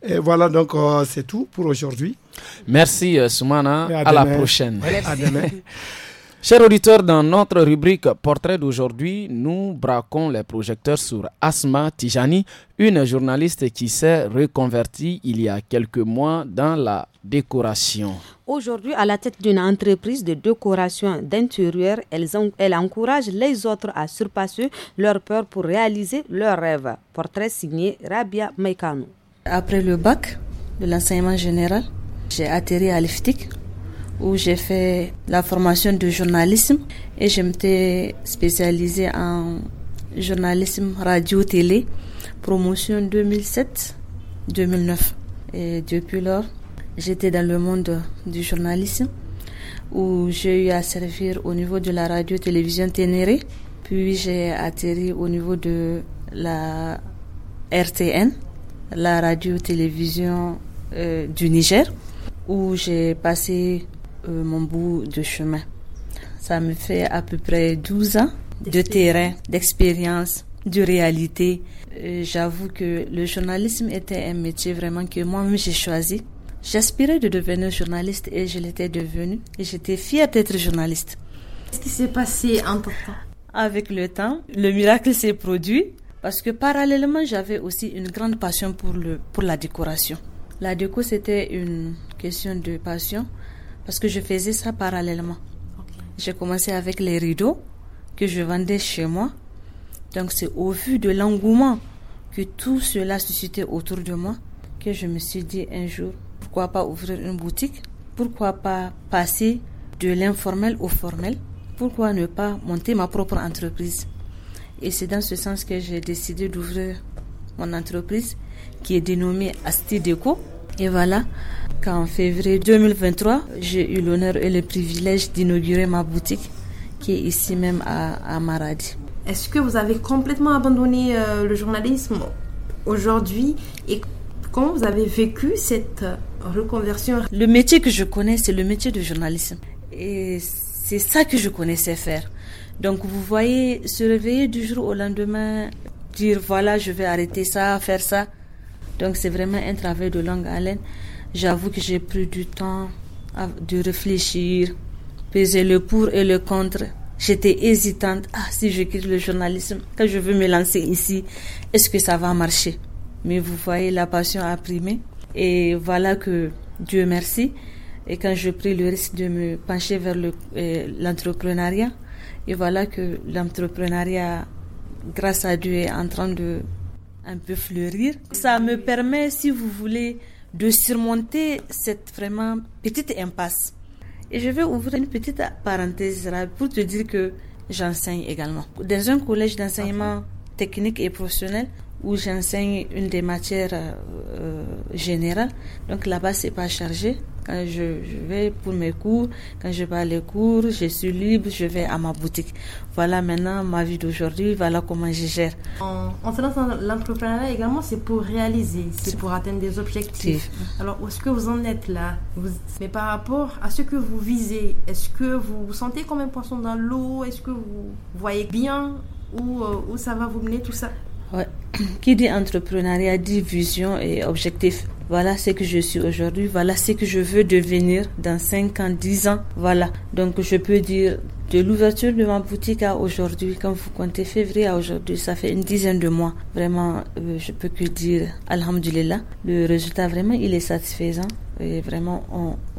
Et voilà, donc euh, c'est tout pour aujourd'hui. Merci euh, Soumana, à, à la prochaine. Merci. À demain. Chers auditeurs, dans notre rubrique Portrait d'aujourd'hui, nous braquons les projecteurs sur Asma Tijani, une journaliste qui s'est reconvertie il y a quelques mois dans la décoration. Aujourd'hui, à la tête d'une entreprise de décoration d'intérieur, elle, encourage les autres à surpasser leurs peurs pour réaliser leurs rêves. Portrait signé Rabia Meikano. Après le bac de l'enseignement général, j'ai atterri à l'IFTIC où j'ai fait la formation de journalisme et je m'étais spécialisée en journalisme radio-télé, promotion 2007-2009. Et depuis lors, j'étais dans le monde du journalisme où j'ai eu à servir au niveau de la radio-télévision Ténéré, puis j'ai atterri au niveau de la RTN, la radio-télévision euh, du Niger, où j'ai passé euh, mon bout de chemin. Ça me fait à peu près 12 ans de terrain, d'expérience, de réalité. Euh, j'avoue que le journalisme était un métier vraiment que moi-même j'ai choisi. J'aspirais de devenir journaliste et je l'étais devenue et j'étais fière d'être journaliste. Qu'est-ce qui s'est passé entre temps Avec le temps, le miracle s'est produit parce que parallèlement, j'avais aussi une grande passion pour, le, pour la décoration. La déco, c'était une question de passion parce que je faisais ça parallèlement. J'ai commencé avec les rideaux que je vendais chez moi. Donc c'est au vu de l'engouement que tout cela suscitait autour de moi que je me suis dit un jour, pourquoi pas ouvrir une boutique Pourquoi pas passer de l'informel au formel Pourquoi ne pas monter ma propre entreprise Et c'est dans ce sens que j'ai décidé d'ouvrir mon entreprise qui est dénommée Asti Déco. Et voilà, qu'en février 2023, j'ai eu l'honneur et le privilège d'inaugurer ma boutique qui est ici même à, Maradi. Est-ce que vous avez complètement abandonné euh, le journalisme aujourd'hui et comment vous avez vécu cette euh, reconversion Le métier que je connais, c'est le métier de journalisme. Et c'est ça que je connaissais faire. Donc vous voyez, se réveiller du jour au lendemain, dire voilà, je vais arrêter ça, faire ça. Donc c'est vraiment un travail de longue haleine. J'avoue que j'ai pris du temps à, de réfléchir, peser le pour et le contre. J'étais hésitante. Ah, si je quitte le journalisme, quand je veux me lancer ici, est-ce que ça va marcher Mais vous voyez, la passion a primé. Et voilà que, Dieu merci, et quand je pris le risque de me pencher vers euh, l'entrepreneuriat, et voilà que l'entrepreneuriat, grâce à Dieu, est en train de un peu fleurir. Ça me permet, si vous voulez, de surmonter cette vraiment petite impasse. Et je vais ouvrir une petite parenthèse pour te dire que j'enseigne également. Dans un collège d'enseignement technique et professionnel, où j'enseigne une des matières euh, euh, générales. Donc là-bas, c'est pas chargé. Quand je, vais pour mes cours, quand je vais les cours, je suis libre, je vais à ma boutique. Voilà maintenant ma vie d'aujourd'hui, voilà comment je gère. En, se lançant dans l'entrepreneuriat également, c'est pour réaliser, c'est pour atteindre des objectifs. Alors, où est-ce que vous en êtes là vous, Mais par rapport à ce que vous visez, est-ce que vous vous sentez comme un poisson dans l'eau Est-ce que vous voyez bien où, euh, où ça va vous mener tout ça Qui dit entrepreneuriat dit vision et objectif. Voilà ce que je suis aujourd'hui, voilà ce que je veux devenir dans 5 ans, 10 ans. Voilà. Donc je peux dire de l'ouverture de ma boutique à aujourd'hui, quand vous comptez février à aujourd'hui, ça fait une dizaine de mois. Vraiment, euh, je peux que dire Alhamdulillah. Le résultat, vraiment, il est satisfaisant. Et vraiment,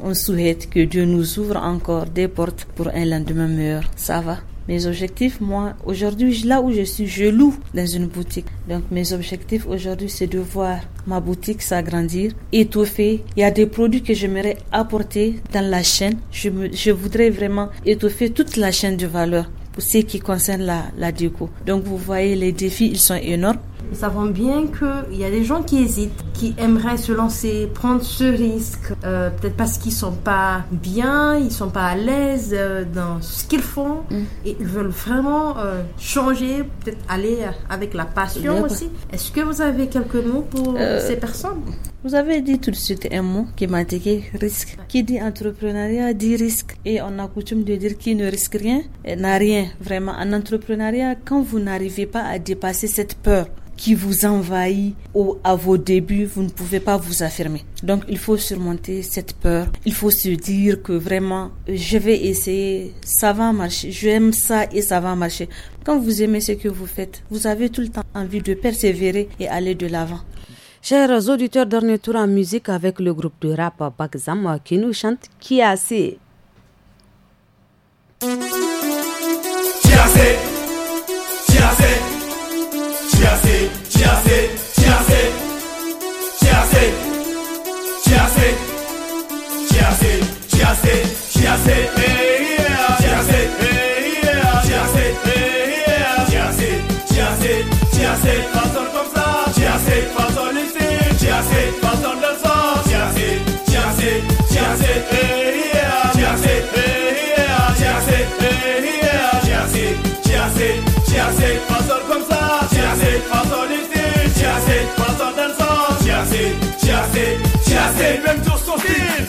on souhaite que Dieu nous ouvre encore des portes pour un lendemain meilleur. Ça va. Mes objectifs, moi, aujourd'hui, là où je suis, je loue dans une boutique. Donc, mes objectifs aujourd'hui, c'est de voir ma boutique s'agrandir, étoffer. Il y a des produits que j'aimerais apporter dans la chaîne. Je, voudrais vraiment étoffer toute la chaîne de valeur pour ce qui concerne la, la déco. Donc, vous voyez, les défis, ils sont énormes. Nous savons bien qu'il y a des gens qui hésitent, qui aimeraient se lancer, prendre ce risque, euh, peut-être parce qu'ils sont pas bien, ils sont pas à l'aise euh, dans ce qu'ils font mm. et ils veulent vraiment euh, changer, peut-être aller avec la passion aussi. Est-ce que vous avez quelques mots pour ces personnes Vous avez dit tout de suite un mot qui m'a indiqué risque. Qui dit entrepreneuriat dit risque et on a coutume de dire qui ne risque rien n'a rien vraiment. En entrepreneuriat, quand vous n'arrivez pas à dépasser cette peur, qui vous envahit ou à vos débuts, vous ne pouvez pas vous affirmer. Donc il faut surmonter cette peur. Il faut se dire que vraiment, je vais essayer, ça va marcher, j'aime ça et ça va marcher. Quand vous aimez ce que vous faites, vous avez tout le temps envie de persévérer et aller de l'avant. Chers auditeurs, dernier tour en musique avec le groupe de rap Bakzam qui nous chante Kiasé. Kiasé, Kiasé. Chiasse, Chiasse, Chiasse, Chiasse, Chiasse, Chiasse, Chiasse, Chiasse, hey yeah, Chiasse, hey yeah, Chiasse, hey yeah, Chiasse, Chiasse, Chiasse, façon comme ça, Chiasse, façon ici, Chiasse, façon de ça, Chiasse, Chiasse, Chiasse, hey yeah, Chiasse, hey yeah, Chiasse, hey yeah, Chiasse, Chiasse, Chiasse, façon Pas dans les chassez Pas dans le sang, chassez, chassez, chassez Même tout ce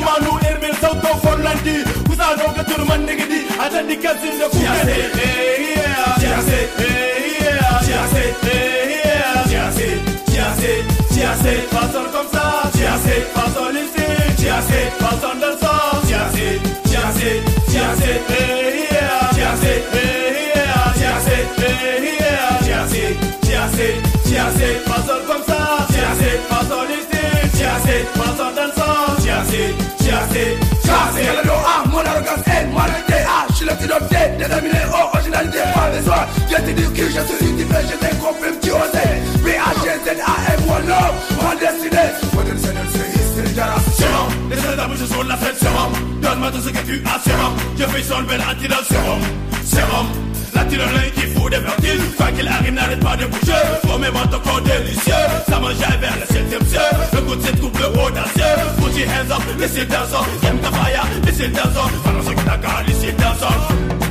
mama nu eh, yeah! sauto forlandi eh, yeah! no ga eh, yeah! nigidi atandi kazin da kuka comme ça Bien dominé, oh, originalité, pas besoin. Viens te dire que je suis unifié, je t'ai compris, petit osé. B-H-Z-A-M, one love, one destiné. Modèle, c'est le Seigneur c'est sérum Les états je sur la fête, sérum Donne-moi tout ce que tu as, sérum Je son bel antidote sérum Sérum la l'un qui fout des vertiges Quoi qu'il arrive, n'arrête pas de bouger Promets-moi ton corps délicieux Ça mange vers le septième ciel Le coup de cette coupe de audacieux Put your hands up, laissez danser J'aime ta fire, laissez danser Balance que ta gare, laissez danser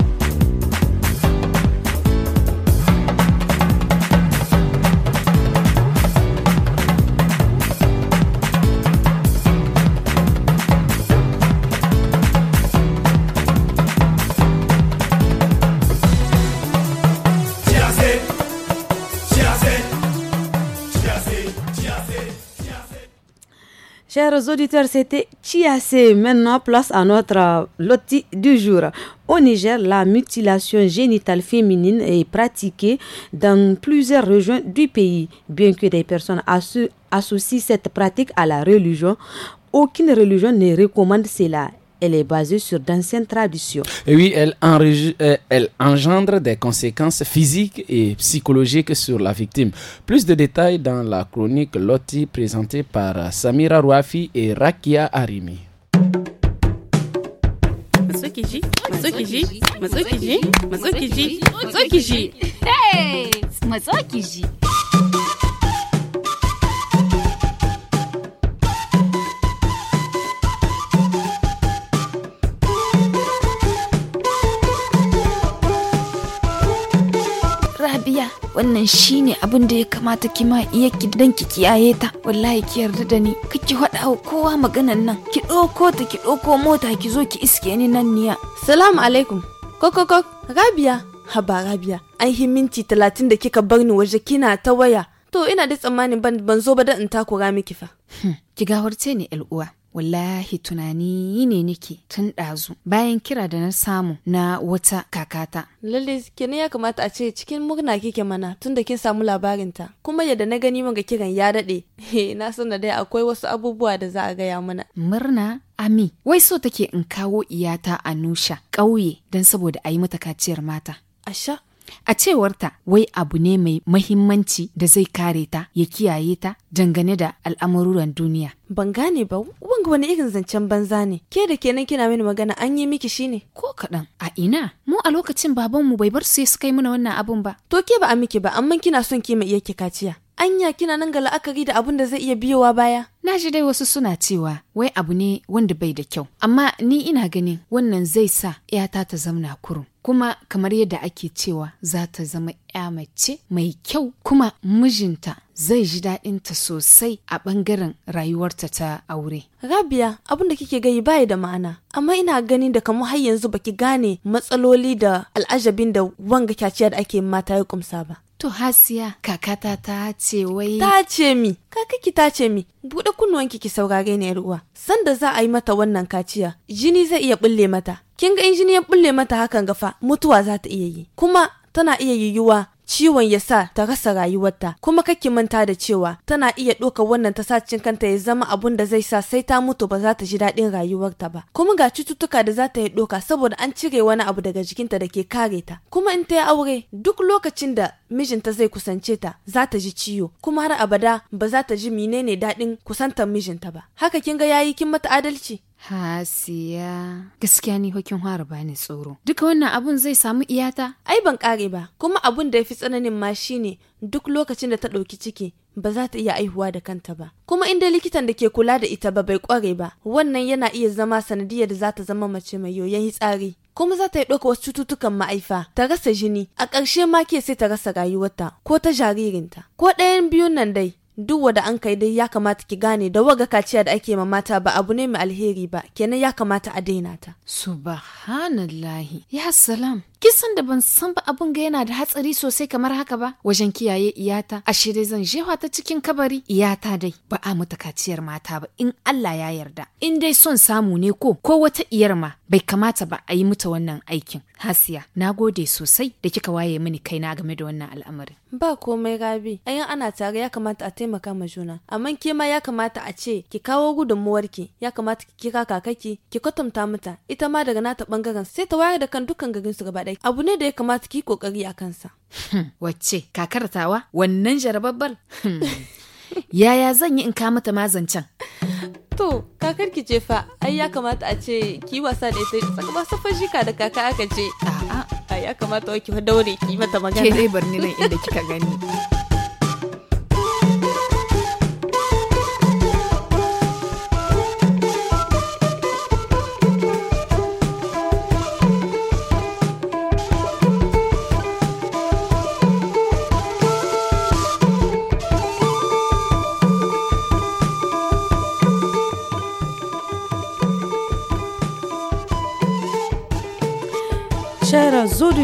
Chers auditeurs, c'était assez Maintenant, place à notre euh, loti du jour. Au Niger, la mutilation génitale féminine est pratiquée dans plusieurs régions du pays. Bien que des personnes associent cette pratique à la religion, aucune religion ne recommande cela elle est basée sur d'anciennes traditions. Et oui, euh, elle, engendre des conséquences physiques et psychologiques sur la victime. Plus de détails dans la chronique Loti présentée par Samira Rouafi et Rakia Arimi. wannan shine abin da ya kamata ki ma iya ki dan ki kiyaye ta wallahi ki yarda da ni kike faɗa wa kowa maganan nan ki ɗauko ta ki ɗauko mota ki zo ki iske ni nan niya salamu alaikum kokokok rabiya haba rabiya an yi minti talatin da kika bar ni waje kina ta waya to ina da tsammanin ban zo ba da in takura miki fa hmm. ki gawarce ni uwa wallahi tunani ne nake tun ɗazu bayan kira da na samu na wata kakata. Lalle ke ya kamata a ce cikin murna kike mana tunda kin samu labarinta kuma yadda na gani ga kiran ya daɗe na san da dai akwai wasu abubuwa da za a gaya mana. Murna Ami, wai so take in kawo iyata a Nusha ƙauye don saboda a yi mata kaciyar mata. Asha, A cewarta wai abu ne mai mahimmanci da zai kare ta ya kiyaye ta dangane da al'amuran duniya. Ban gane ba, ga wani irin zancen banza ne, ke da kenan kina mini magana an yi miki shine. Ko kaɗan, a ina, mu a lokacin babanmu bai bar su ya kai mana wannan abun ba. To ke ba a miki ba, amma kina son ki mai iya ke kaciya. Anya kina nan ga la'akari da abun da zai iya biyowa baya? Na ji dai wasu suna cewa wai abu ne wanda bai da kyau, amma ni ina ganin wannan zai sa ‘yata ta zamna kurum. Kuma kamar yadda ake cewa za ta zama ‘ya mace mai kyau kuma mijinta zai ji daɗinta sosai a ɓangaren rayuwarta ta aure. Rabia abin da kike gayi baya da ma'ana, amma ina ganin da kamar har yanzu baki gane matsaloli da al'ajabin da wanga kyaciya da ake mata ya kumsa ba. To Hasiya, kakata ta ce wai. Ta ce mi, kakaki ta ce mi, buɗe kunnuwanki ki saurare ni uwa. Sanda za a yi mata wannan kaciya, jini zai iya bulle mata. Kin ga in jini ya bulle mata hakan gafa, mutuwa za ta iya yi. Kuma tana iya yiwuwa ciwon ya sa ta rasa rayuwarta kuma kake manta da cewa tana iya ɗaukar wannan tasacin kanta ya zama abun da zai sa sai ta mutu ba za ta ji daɗin rayuwarta ba kuma ga cututtuka da za ta yi ɗoka saboda an cire wani abu daga jikinta da ke kare ta kuma in ta yi aure duk lokacin da mijinta zai kusance ta za ta ji ciwo kuma har abada ba za ta ji menene daɗin kusantar mijinta ba haka kin ga yayi kin mata adalci Hasiya. Gaskiya ni hokin hara bani tsoro. Duka wannan abun zai samu iyata? Ai ban kare ba, kuma abun da ya fi tsananin ma shine duk lokacin da ta ɗauki ciki ba za ta iya aihuwa da kanta ba. Kuma inda likitan da ke kula da ita ba bai kware ba, wannan yana iya zama sanadiyar da za ta zama mace mai yoyon hitsari. kuma za ta yi ɗauka wasu cututtukan ma'aifa ta rasa jini a ƙarshe ma ke sai ta rasa rayuwarta ko ta jaririnta ko ɗayan biyun nan dai duk wanda an kai dai ya kamata ki gane da waga kaciya da ake ma mata ba abu ne mai alheri ba kenan ya kamata a daina ta subhanallahi ya salam kisan da ban san ba abun ga yana da hatsari sosai kamar haka ba wajen kiyaye iyata ashe dai zan jefa ta cikin kabari iyata dai ba a mutu kaciyar mata ba in Allah ya yarda in dai son samu ne ko ko wata iyar ma bai kamata ba a yi mata wannan aikin hasiya na gode sosai da kika waye mini kaina game da wannan al'amarin ba komai rabi yin ana tare ya kamata a taimaka ma juna amma ke ma ya kamata a ce ki kawo gudunmuwarki ya kamata ki kira kakaki ki kwatanta mata ita ma daga nata bangaren sai ta wayar da kan dukkan garin su gaba abu ne da ya kamata ki kokari a kansa hmm, wacce kakar tawa wannan jarababbal hmm. yaya zan yi in ka mata mazancan to kakar ki ce fa ai ya kamata a ce ki wasa da ita tsaka ba safa shika da kaka aka ce a'a ya kamata ki daure ki mata magana ke dai barni nan inda kika gani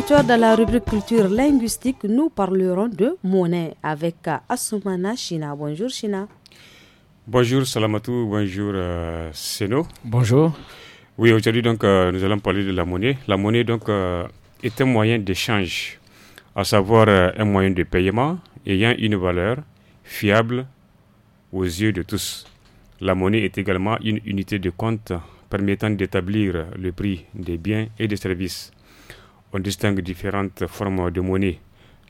dans la rubrique culture linguistique, nous parlerons de monnaie avec euh, Asumana China. Bonjour China. Bonjour Salamatou, bonjour euh, Seno. Bonjour. Oui, aujourd'hui donc euh, nous allons parler de la monnaie. La monnaie donc est un moyen d'échange, à savoir un moyen de paiement ayant une valeur fiable aux yeux de tous. La monnaie est également une unité de compte permettant d'établir le prix des biens et des services on distingue différentes formes de monnaie.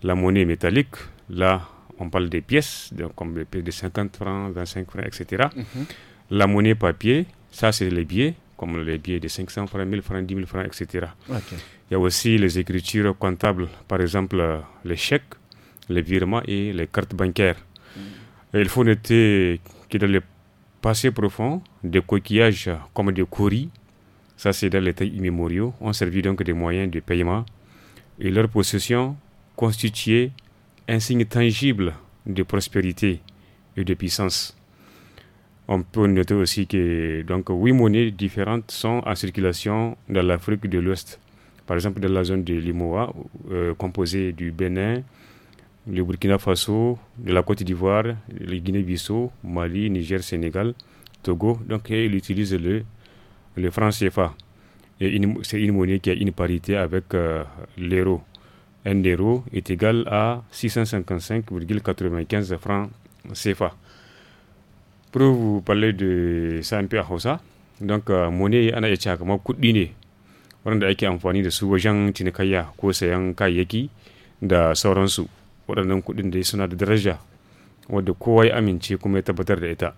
La monnaie métallique, là, on parle des pièces, donc comme les pièces de 50 francs, 25 francs, etc. Mhm. La monnaie papier, ça, c'est les billets, comme les billets de 500 francs, 1000 francs, 10 000 francs, etc. Il y a aussi les écritures comptables, par exemple les chèques, les virements et les cartes bancaires. Mhm. il faut noter que dans le passé profond, des coquillages comme des courriers ça c'est dans les temps immémoriaux, ont servi donc des moyens de paiement et leur possession constituait un signe tangible de prospérité et de puissance. On peut noter aussi que donc huit monnaies différentes sont en circulation dans l'Afrique de l'Ouest. Par exemple, dans la zone de l'Imoa, euh, composée du Bénin, le Burkina Faso, de la Côte d'Ivoire, le Guinée-Bissau, Mali, Niger, Sénégal, Togo. Donc, ils utilisent le le franc CFA, c'est une, monnaie qui a une parité avec euh, l'euro. Un euro est égal à 655,95 francs CFA. Pour vous parler de ça un peu à donc euh, monnaie ana e a de ake amfani da su de ko sayan da ya ya tabbatar da ita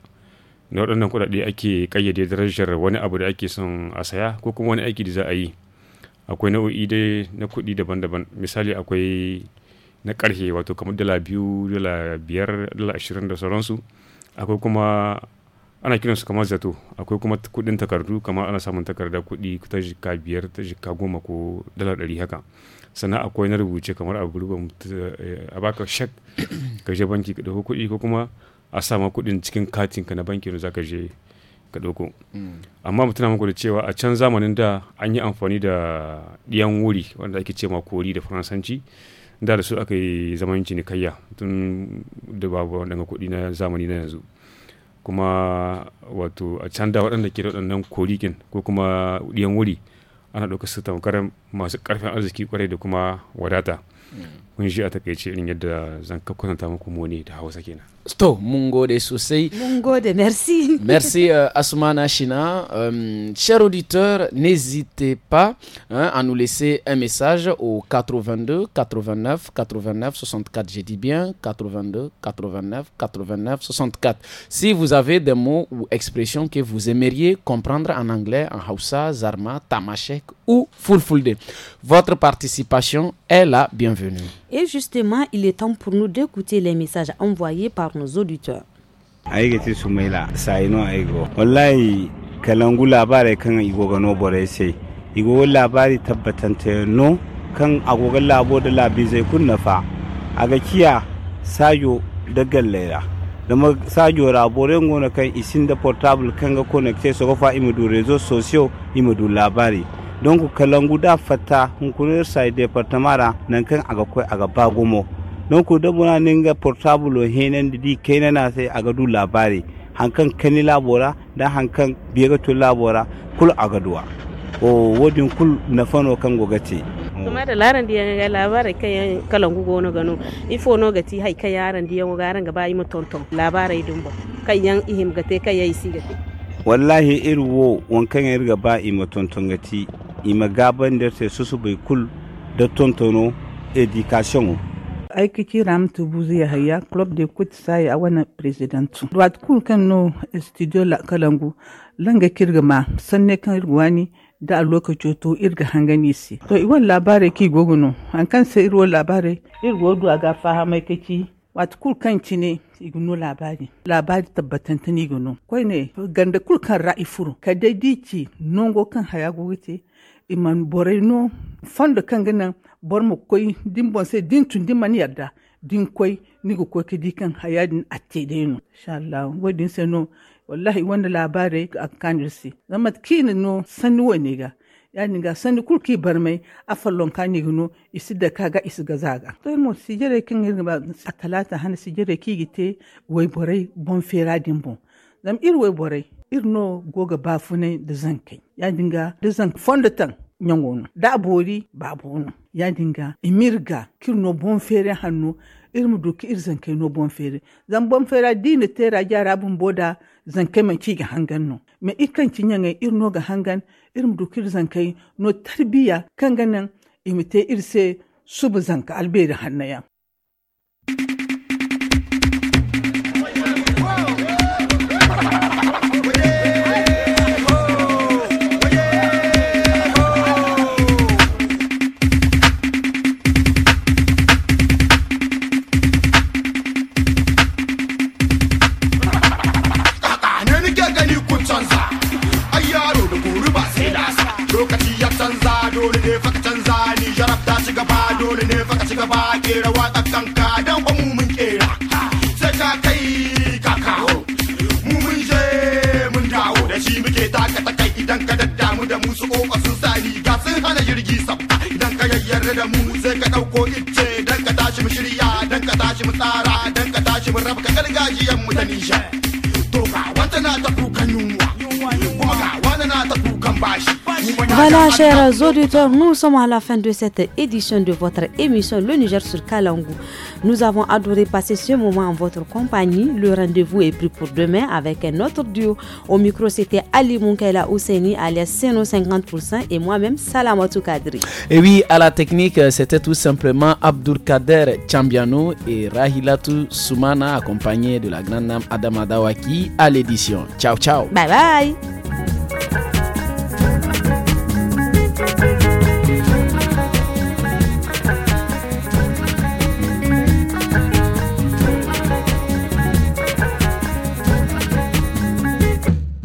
na waɗannan kuɗaɗe ake ƙayyade darajar wani abu da ake son a saya ko kuma wani aiki da za a yi akwai nau'i dai na kuɗi daban-daban misali akwai na ƙarhe wato kamar dala biyu dala biyar dala ashirin da sauransu akwai kuma ana su kamar zato akwai kuma kuɗin takardu kamar ana samun takarda kuɗi ta jika biyar ta jika goma ko dala ɗari haka sannan akwai na rubuce kamar a eh, baka shek ka je banki ka ɗauko kuɗi ko kuma a sama kuɗin cikin katin ka na banki da zaka je ka dauko mm. amma mutuna muku da cewa a can zamanin da an yi amfani da ɗiyan wuri wanda ake cewa kori da faransanci da da su aka yi zaman cinikayya tun da babu kuɗi na zamani na yanzu kuma wato a can da waɗanda ke da waɗannan korikin ko kuma ɗiyan wuri ana ɗauka su tamkar masu ƙarfin arziki kwarai da kuma wadata kun mm. shi a takaice irin yadda zan kwatanta muku mone da hausa kenan des merci. Merci euh, Asumana China. Euh, chers auditeurs, n'hésitez pas hein, à nous laisser un message au 82 89 89 64. J'ai dit bien 82 89 89 64. Si vous avez des mots ou expressions que vous aimeriez comprendre en anglais, en Hausa, Zarma, Tamashek ou Fulfulde, votre participation est la bienvenue. Et justement, il est temps pour nous d'écouter les messages envoyés par par nos auditeurs. aigati sumaila saino aigo wallahi kalangu labarai kan igoga no borai sai igogo labari tabbatanta no kan agogan labo da labi zai kunna fa a gakiya sajo da gallera da ma sajo raboren ngona kan isin da portable kan ga connecte ga fa imidu rezo socio imidu labari don ku kalangu da fata hunkunar sai departamara nan kan aga koi aga bagumo donc da muna ninga portable henen di kene na sai a du labari hankan kani labora da hankan biyaga to labora kul aga wa o wajen kul na fano kan ce. kuma da laran diyan ga labarai kai kalan gugo no gano ifo no gati hai kai yaran diyan ga ran gaba yi mutonton labarai dumba kai yan ihim gate kai yayi gate wallahi irwo wankan yar gaba yi mutonton gati ima gaban da sai susu bai kul da tontono education aiki ram tu buzi ya haya club de kut sai a wani presidentu duat kul kan no studio la kalangu langa kirga ma sanne kan ruwani da a lokaci to irga hangani si to iwan labare ki gogono an kan sai irwo labare irgo du aga fahama Wat wata kan ci ne igunu labari labari tabbatan ta ni gano kwai ne ganda kan ra'i furu ka dai dici nongo kan haya gogote iman boreno fondo kan ganan bor mo koi din bon se din tun din mani yarda din koi ni ko koy di kan hayadin attede no insha wo din se no wallahi wanda labare a kanirsi zama kini no sanu wa ne ga ya ni ga sani kurki bar mai afallon ka ni no isi da kaga isi ga zaga to mo si jere kin ga ba a talata hana si jere ki gite wai bore bon fera din bon zam ir wai bore ir no goga bafune da zankai ya dinga da zan fondatan nyangono da bori babu no ya dinga imirga no bon fere hannu irmu ki ir zankai no bon fere zan bon fere tera yara bun boda zankai man ki ga hangan no me ikan ki nyanga irno ga hangan irmu zankai no tarbiya kan ganan imite irse subu zanka alberi hannaya. dole ne fa ka ci gaba kera wata kanka dan ba mu mun kera sai ka kai kaka mu mun je mun dawo da shi muke taka ta kai idan ka daddamu da mu su kofa sun sani ga sun hana jirgi sabba idan ka yayyarda da mu sai ka ɗauko icce dan ka tashi mu shirya dan ka tashi mu tsara dan ka tashi mu raba ka gargajiyan mu da to ga wata na ta kukan yunwa kuma ga wani na ta kukan bashi Voilà, chers auditeurs, nous sommes à la fin de cette édition de votre émission Le Niger sur Kalangou. Nous avons adoré passer ce moment en votre compagnie. Le rendez-vous est pris pour demain avec un autre duo. Au micro, c'était Ali Munkela Ouseni alias Seno 50% et moi-même Salamatou Kadri. Et oui, à la technique, euh, c'était tout simplement Abdul Kader Chambiano et Rahilatu Soumana accompagnés de la grande dame Adama Dawaki à l'édition. Ciao, ciao. Bye bye. Thank